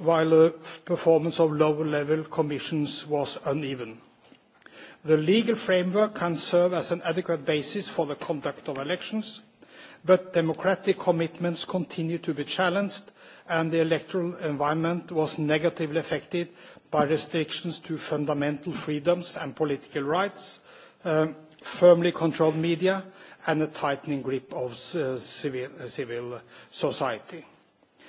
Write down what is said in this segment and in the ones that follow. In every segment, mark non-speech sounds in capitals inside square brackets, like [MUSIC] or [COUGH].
while the performance of lower-level commissions was uneven. The legal framework can serve as an adequate basis for the conduct of elections, but democratic commitments continue to be challenged, and the electoral environment was negatively affected by restrictions to fundamental freedoms and political rights, um, firmly controlled media, and a tightening grip of uh, civil, uh, civil society.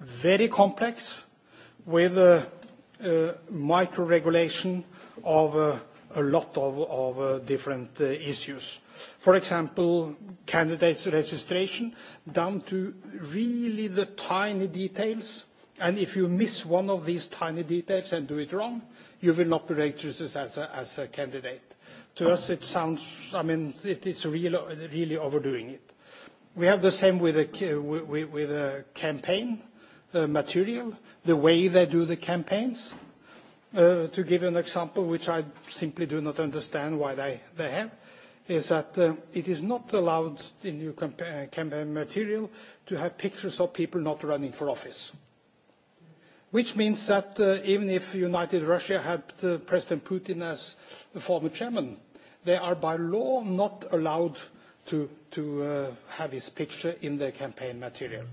very complex with uh, uh, micro-regulation of uh, a lot of, of uh, different uh, issues. For example, candidates registration down to really the tiny details. And if you miss one of these tiny details and do it wrong, you will not be registered as a, as a candidate. To us, it sounds, I mean, it, it's really, really overdoing it. We have the same with with, with a campaign Uh, material, the way they do the campaigns. Uh, to give you an example, which I simply do not understand why they, they have, is that uh, it is not allowed in your uh, campaign material to have pictures of people not running for office. Which means that uh, even if United Russia had uh, President Putin as the former chairman, they are by law not allowed to, to uh, have his picture in their campaign material. Mm-hmm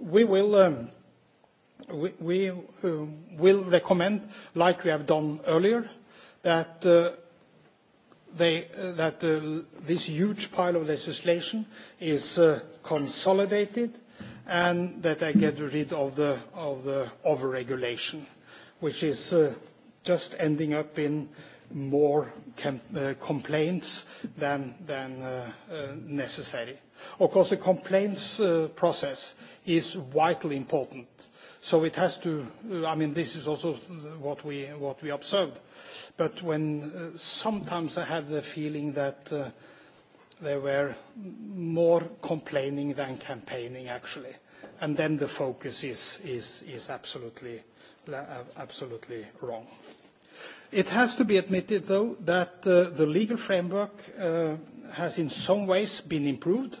we will um, we, we uh, will recommend, like we have done earlier, that uh, they uh, that uh, this huge pile of legislation is uh, consolidated and that they get rid of the of the overregulation, which is uh, just ending up in more complaints than than necessary. Of course, the complaints uh, process is vitally important. So it has to, uh, I mean, this is also what we, what we observed. But when uh, sometimes I have the feeling that uh, there were more complaining than campaigning, actually. And then the focus is, is, is absolutely, absolutely wrong. It has to be admitted, though, that uh, the legal framework uh, has in some ways been improved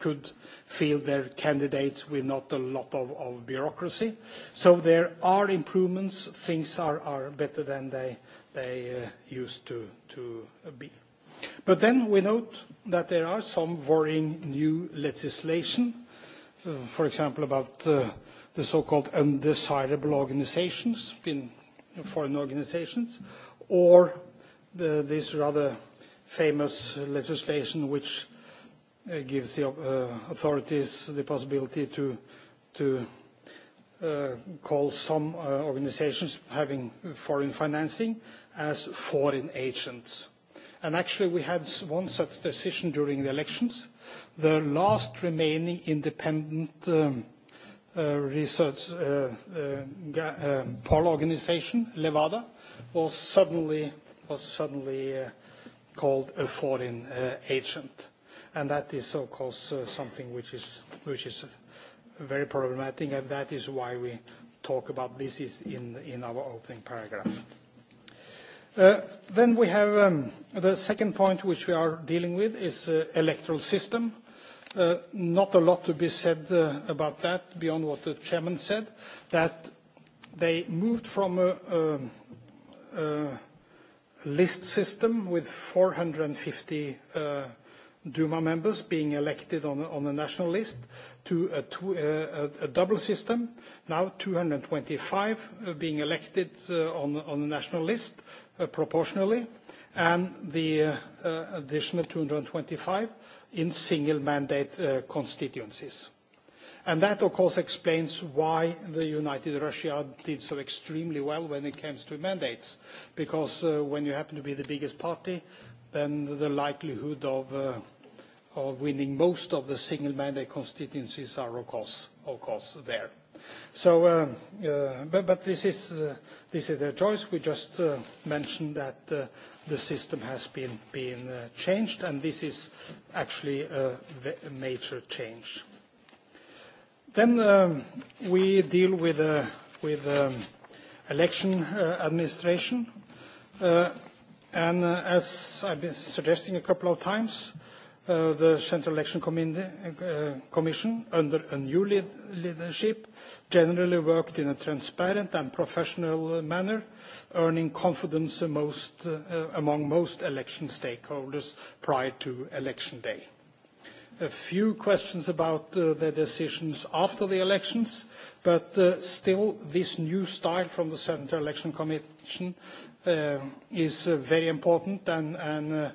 could field their candidates with not a lot of, of bureaucracy. So there are improvements. Things are, are better than they, they uh, used to, to be. But then we note that there are some worrying new legislation, uh, for example, about uh, the so-called undesirable organizations, in foreign organizations, or the, this rather famous legislation which gives the uh, authorities the possibility to, to uh, call some uh, organizations having foreign financing as foreign agents. And actually, we had one such decision during the elections. The last remaining independent um, uh, research uh, uh, um, poll organization, Levada, was suddenly, was suddenly uh, called a foreign uh, agent and that is of course uh, something which is which is very problematic and that is why we talk about this is in in our opening paragraph uh, then we have um, the second point which we are dealing with is uh, electoral system uh, not a lot to be said uh, about that beyond what the chairman said that they moved from a, a, a list system with 450 uh, Duma members being elected on, on the national list to a, uh, a, a double system. Now 225 being elected uh, on, on the national list uh, proportionally and the uh, uh additional 225 in single mandate uh, constituencies. And that, of course, explains why the United Russia did so extremely well when it comes to mandates, because uh, when you happen to be the biggest party, then the likelihood of, uh, of winning most of the single mandate constituencies are of course, of course there. So, uh, uh, but, but this is uh, this is their choice. We just uh, mentioned that uh, the system has been been uh, changed, and this is actually a, major change. Then um, we deal with uh, with um, election uh, administration. Uh, And uh, as I've been suggesting a couple of times, uh, the Central Election uh, Commission, under a new leadership, generally worked in a transparent and professional manner, earning confidence uh, among most election stakeholders prior to election day. A few questions about the decisions after the elections, but still this new style from the Central Election Commission Uh, is very important, and, uh,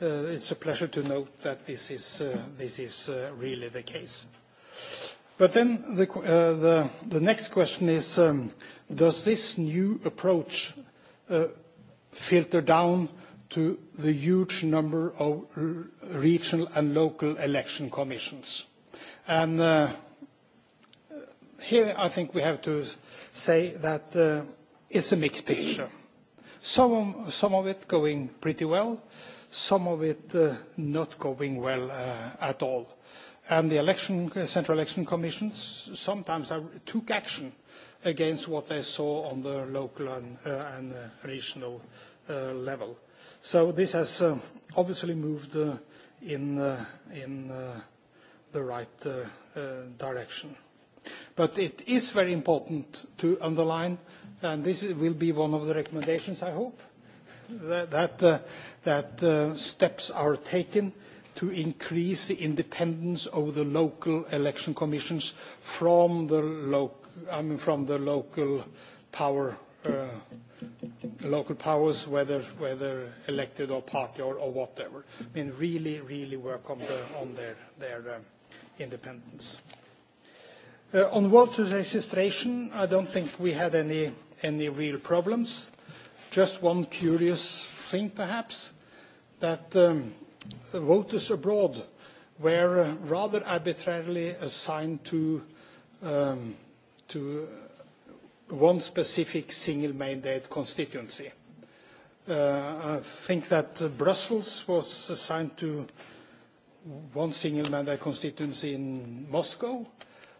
uh, it's a pleasure to note that this is, this is really the case. But then the, the, next question is, um, does this new approach filter down to the huge number of regional and local election commissions. And here I think we have to say that it's a mixed picture. Some of, it going pretty well, some of it uh, not going well uh, at all. And the election, uh, Central Election Commissions sometimes took action against what they saw on the local and, uh, and uh, regional uh, level. So this has obviously moved in, in the right direction. But it is very important to underline, and this will be one of the recommendations, I hope, that, that, uh, uh, steps are taken to increase the independence of the local election commissions from the, I mean, from the local power uh, local powers, whether whether elected or party or, whatever. I mean, really, really work on on their um, independence. Uh, on voter registration, I don't think we had any, any real problems. Just one curious thing, perhaps, that um, voters abroad were uh, rather arbitrarily assigned to, um, to uh, one specific single mandate constituency. Uh, I think that uh, Brussels was assigned to one single mandate constituency in Moscow,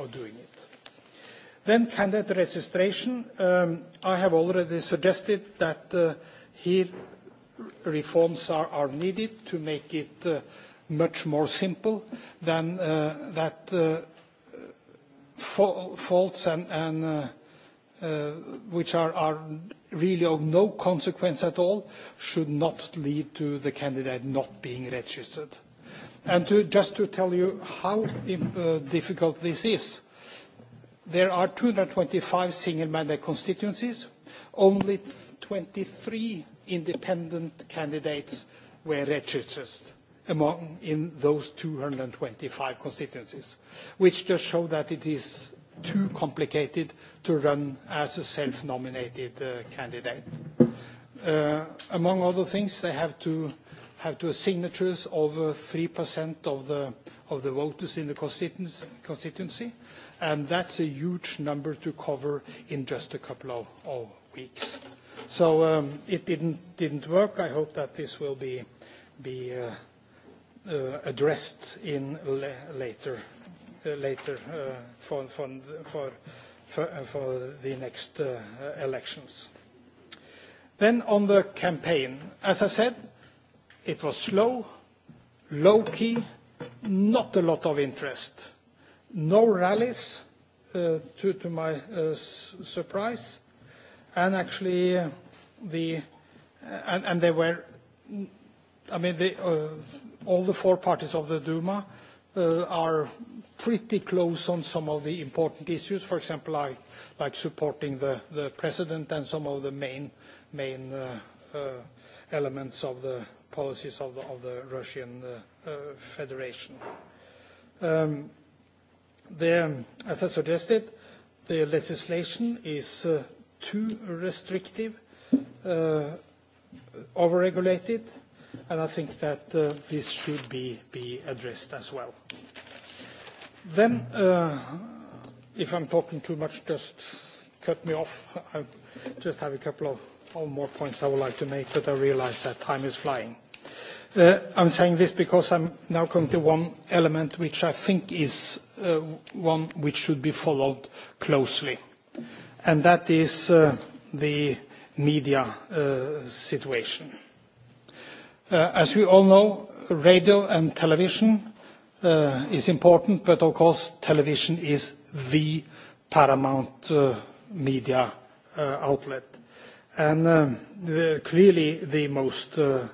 of doing it. Then candidate registration. Um, I have already suggested that uh, here reforms are, are needed to make it uh, much more simple than uh, that uh, fa faults and, and uh, uh, which are, are really of no consequence at all should not lead to the candidate not being registered. And to, just to tell you how uh, difficult this is, there are 225 single mandate constituencies. Only 23 independent candidates were registered among in those 225 constituencies, which just show that it is too complicated to run as a self-nominated uh, candidate. Uh, among other things, they have to uh, have to signatures of 3% uh, of the, voters in the constituency, and that's a huge number to cover in just a couple of, weeks. So um, it didn't, work. I hope that this will be, uh, uh, addressed in later, for, for the next elections. Then on the campaign, as I said, It was slow, low-key, not a lot of interest. No rallies, uh, to, my uh, surprise. and Actually, uh, the and, they were, I mean, they, all the four parties of the Duma are pretty close on some of the important issues, for example, like, like supporting the, the president and some of the main, main elements of the policies of the, of the Russian uh, uh, Federation. Um, the, as I suggested, the legislation is uh, too restrictive, uh, overregulated, and I think that uh, this should be, be addressed as well. Then, uh, if I'm talking too much, just cut me off. [LAUGHS] I just have a couple of or more points I would like to make, but I realize that time is flying. Uh, I'm saying this because I'm now coming to one element which I think is uh, one which should be followed closely, and that is uh, the media uh, situation. Uh, as we all know, radio and television uh, is important, but of course, television is the paramount media outlet and um, the, clearly the most uh,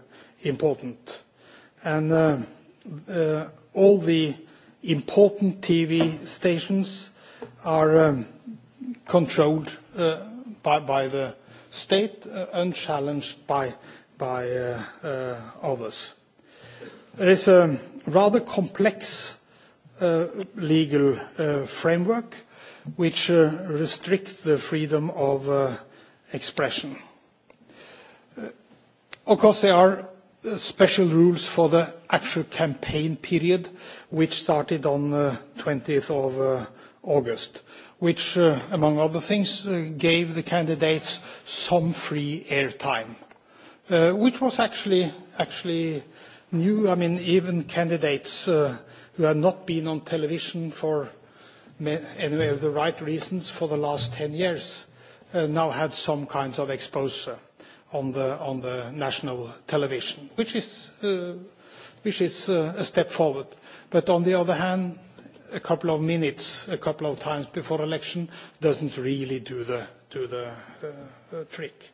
important. And uh, uh, all the important TV stations are um, controlled uh, by, by the state, uh, unchallenged by, by uh, uh, others. There is a rather complex uh, legal uh, framework which uh, restricts the freedom of uh, expression. Uh, of course, there are uh, special rules for the actual campaign period, which started on uh, the 20th of uh, August, which, uh, among other things, uh, gave the candidates some free airtime, uh, which was actually actually new. I mean, even candidates uh, who had not been on television for anyway the right reasons for the last 10 years Uh, now had some kinds of exposure on the, on the national television, which is, uh, which is uh, a step forward. But on the other hand, a couple of minutes, a couple of times before election, doesn't really do the, do the uh, uh trick.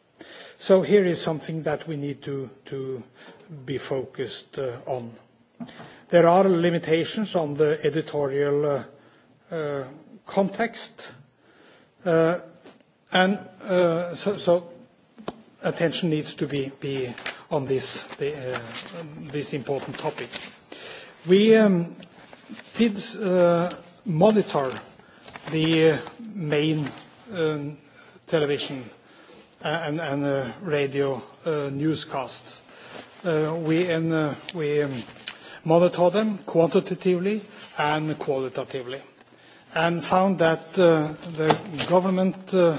So here is something that we need to, to be focused uh, on. There are limitations on the editorial uh, uh, context. Uh, And uh, so, so attention needs to be, be on this, the, uh, this important topic. We um, did uh, monitor the main um, television uh, and, and uh, radio uh, newscasts. Uh, we, and, uh, we um, monitor them quantitatively and qualitatively and found that uh, the government uh,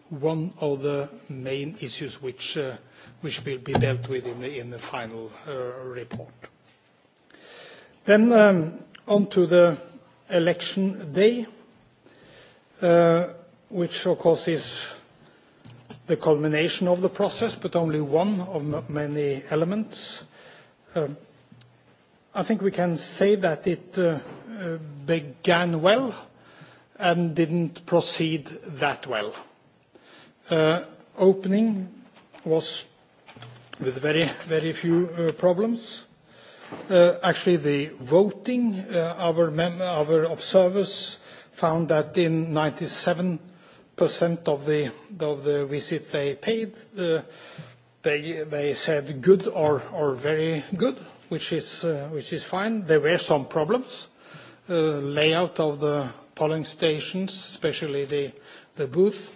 one of the main issues uh, which, will be dealt with in the, final uh, report. Then um, on to the election day, uh, which of course is the culmination of the process, but only one of many elements. Um, I think we can say that it uh, began well and didn't proceed that well. Uh, opening was with very, very few uh, problems. Uh, actually, the voting, our, observers found that in 97% of the, of the visit they paid, they, they said good or, or very good, which is, which is fine. There were some problems. layout of the polling stations, especially the, the booth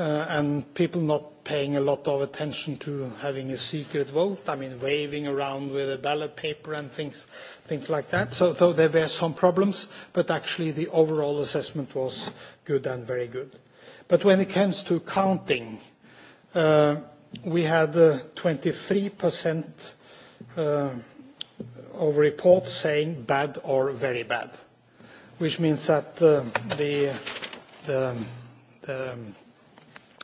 Uh, and people not paying a lot of attention to having a secret vote, I mean, waving around with a ballot paper and things, things like that. So, there were some problems, but actually the overall assessment was good and very good. But when it comes to counting, uh, we had 23% uh, of reports saying bad or very bad, which means that the, the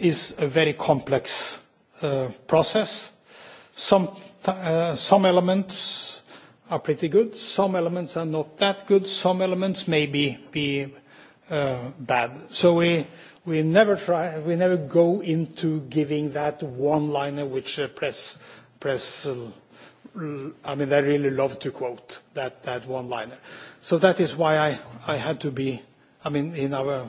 is a very complex uh, process. Some, uh, some elements are pretty good, some elements are not that good, some elements may be, be uh, bad. So we, we never try, we never go into giving that one-liner which uh, press, press uh, I mean, I really love to quote that, that one-liner. So that is why I, I had to be, I mean, in our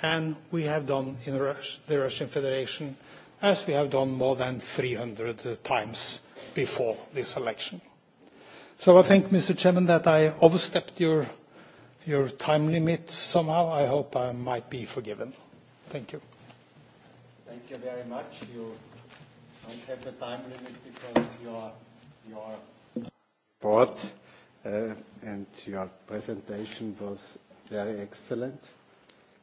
and we have done in the Russian Federation as we have done more than 300 uh, times before this election. So I think, Mr. Chairman, that I overstepped your, your time limit somehow. I hope I might be forgiven. Thank you. Thank you very much. You don't have a time limit because your, your report uh, and your presentation was very excellent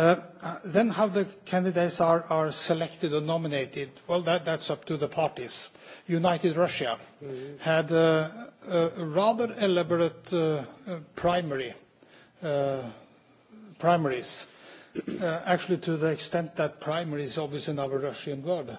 Uh, then how the candidates are, are selected or nominated, well, that, that's up to the parties. United Russia mm-hmm. had uh, a, a rather elaborate uh, uh, primary uh, primaries, uh, actually to the extent that primaries, is obvious in our Russian word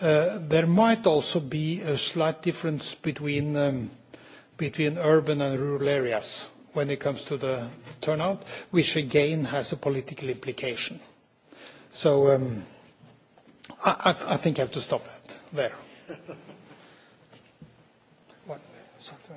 Uh, there might also be a slight difference between, um, between urban and rural areas when it comes to the turnout, which again has a political implication. So um, I, I, I think I have to stop that there. [LAUGHS] something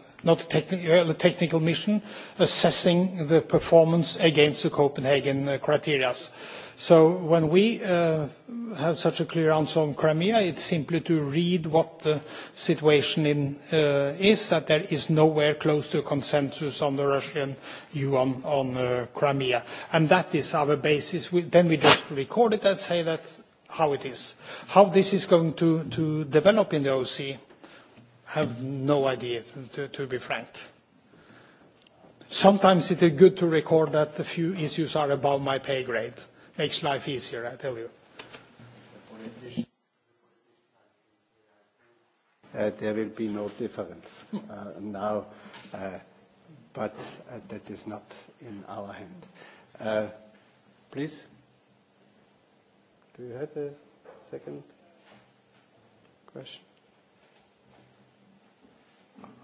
not a uh, technical mission, assessing the performance against the Copenhagen uh, criteria. So when we uh, have such a clear answer on Crimea, it's simply to read what the situation in, uh, is, that there is nowhere close to a consensus on the Russian view on, on uh, Crimea. And that is our basis. We, then we just record it and say that's how it is. How this is going to, to develop in the OC, have no idea, to, to be frank. Sometimes it is good to record that a few issues are above my pay grade. Makes life easier, I tell you. Uh, there will be no difference uh, now, uh, but uh, that is not in our hand. Uh, please. Do you have a second question?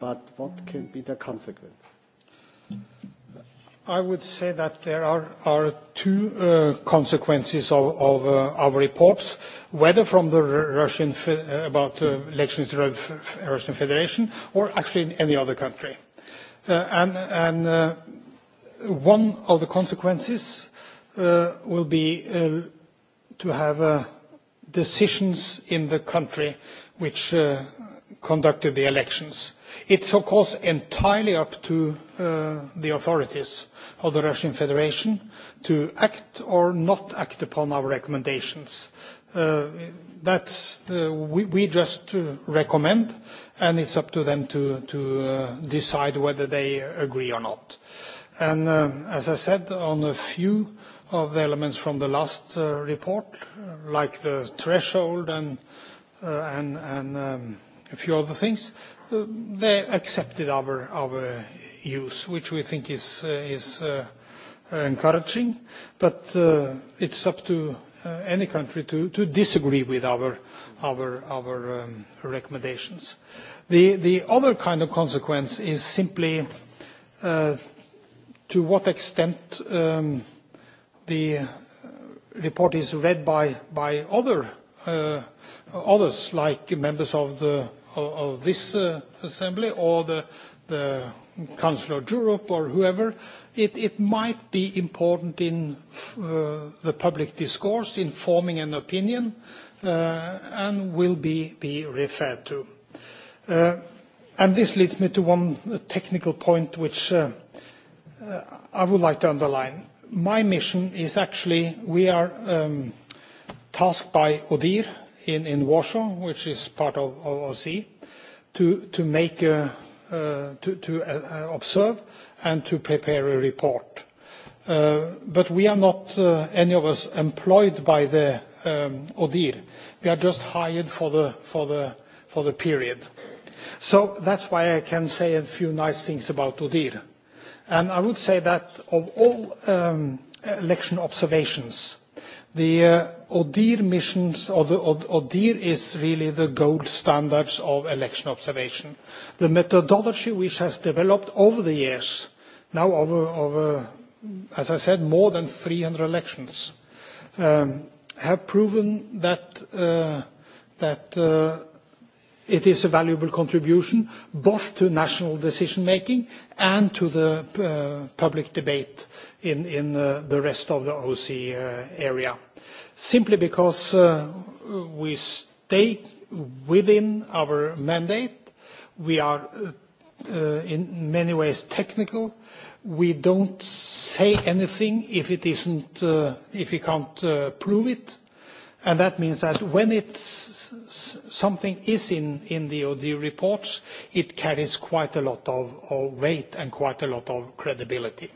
but what can be the consequence? I would say that there are, are two uh, consequences of, of uh, our reports, whether from the Russian fe- uh, about uh, elections to the Russian Federation or actually in any other country. Uh, and and uh, one of the consequences uh, will be uh, to have uh, decisions in the country which uh, conducted the elections It's of course entirely up to uh, the authorities of the Russian Federation to act or not act upon our recommendations. Uh, that's the, we, we just recommend, and it's up to them to, to uh, decide whether they agree or not. And uh, as I said, on a few of the elements from the last uh, report, like the threshold and, uh, and, and um, a few other things, Uh, they accepted our, our use, which we think is, uh, is uh, encouraging. But uh, it's up to uh, any country to, to disagree with our, our, our um, recommendations. The, the other kind of consequence is simply uh, to what extent um, the uh, report is read by, by other, uh, others, like members of the of this uh, assembly or the, the Council of Europe or whoever, it, it might be important in uh, the public discourse, in forming an opinion, uh, and will be, be referred to. Uh, and this leads me to one technical point which uh, uh, I would like to underline. My mission is actually, we are um, tasked by ODIR, in, in Warsaw, which is part of OSCE, to, to make a, uh, uh, to, to uh, uh, observe and to prepare a report. Uh, but we are not, uh, any of us, employed by the um, ODIHR. We are just hired for the, for the, for the period. So that's why I can say a few nice things about ODIHR. And I would say that of all um, election observations, The uh, ODIHR missions, or the ODIHR is really the gold standards of election observation. The methodology which has developed over the years, now over, over as I said, more than 300 elections, um, have proven that, uh, that uh, It is a valuable contribution both to national decision-making and to the uh, public debate in, in uh, the rest of the OC uh, area, simply because uh, we stay within our mandate. We are, uh, in many ways, technical. We don't say anything if it isn't, uh, if we can't prove it And that means that when it's, something is in, the OD reports, it carries quite a lot of, weight and quite a lot of credibility.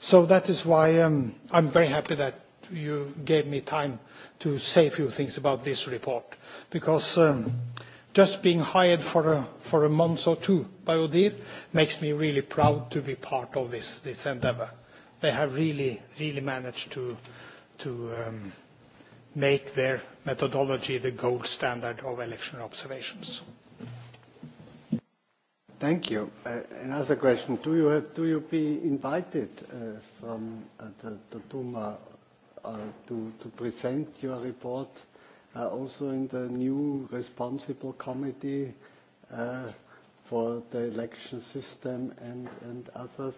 So that is why um, I'm very happy that you gave me time to say a few things about this report, because um, just being hired for a, month or two by ODIHR makes me really proud to be part of this, this endeavor. They have really, managed to, um, make their methodology the gold standard of election observations. Thank you. Uh, another question. Do you, have, do you be invited uh, from uh, the, the Duma uh, to, to present your report uh, also in the new responsible committee uh, for the election system and, and others?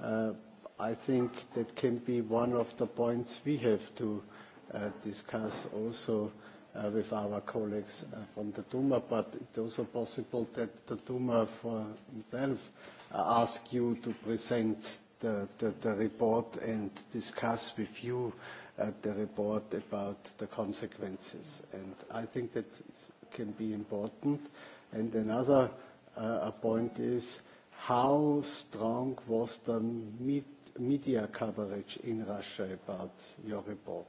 Uh, I think that can be one of the points we have to uh, Uh, discuss also uh, with our colleagues uh, from the Duma, but it's also possible that the Duma for himself uh, ask you to present the, the, the report and discuss with you uh, the report about the consequences. And I think that can be important. And another uh, point is how strong was the med media coverage in Russia about your report?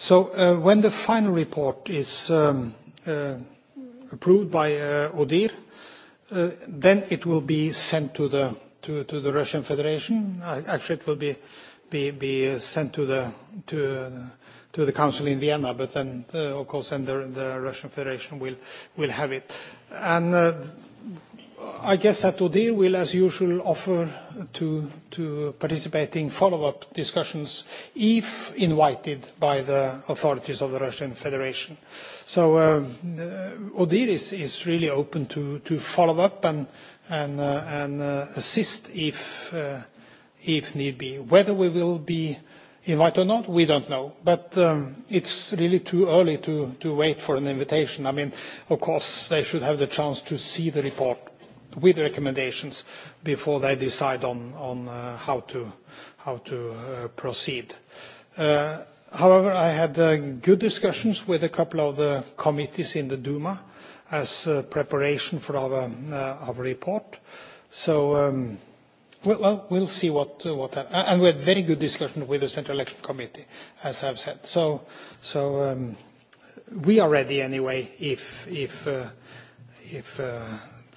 So uh, when the final report is um, uh, approved by uh, ODIHR, then it will be sent to the Russian Federation. Actually, it will be sent to the Council in Vienna. But then, of course, then the, Russian Federation will have it. And I guess that Odile will, as usual, offer to, to participate in follow-up discussions if invited by the authorities of the Russian Federation. So um, uh, Odile is, is really open to, to follow up and, and, uh, and uh, assist if, uh, if need be. Whether we will be invited or not, we don't know. But um, it's really too early to, to wait for an invitation. I mean, of course, they should have the chance to see the report with recommendations before they decide on, uh, how to, uh, proceed. Uh, however, I had good discussions with a couple of the committees in the Duma as preparation for our, report. So um, we'll, well, see what, happens. what and we had very good discussion with the Central Election Committee, as I've said. So, um, we are ready anyway if, if, if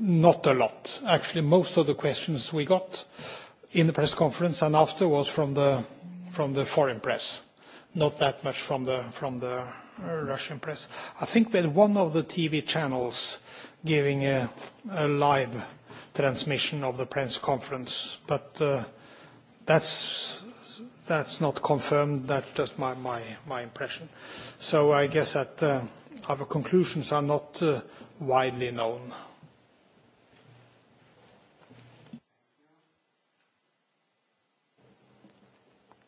not a lot. Actually, most of the questions we got in the press conference and after was from the, from the foreign press, not that much from the, from the uh, Russian press. I think we had one of the TV channels giving a, a live transmission of the press conference, but uh, that's, that's not confirmed. That's just my, my, my impression. So I guess that uh, our conclusions are not uh, widely known.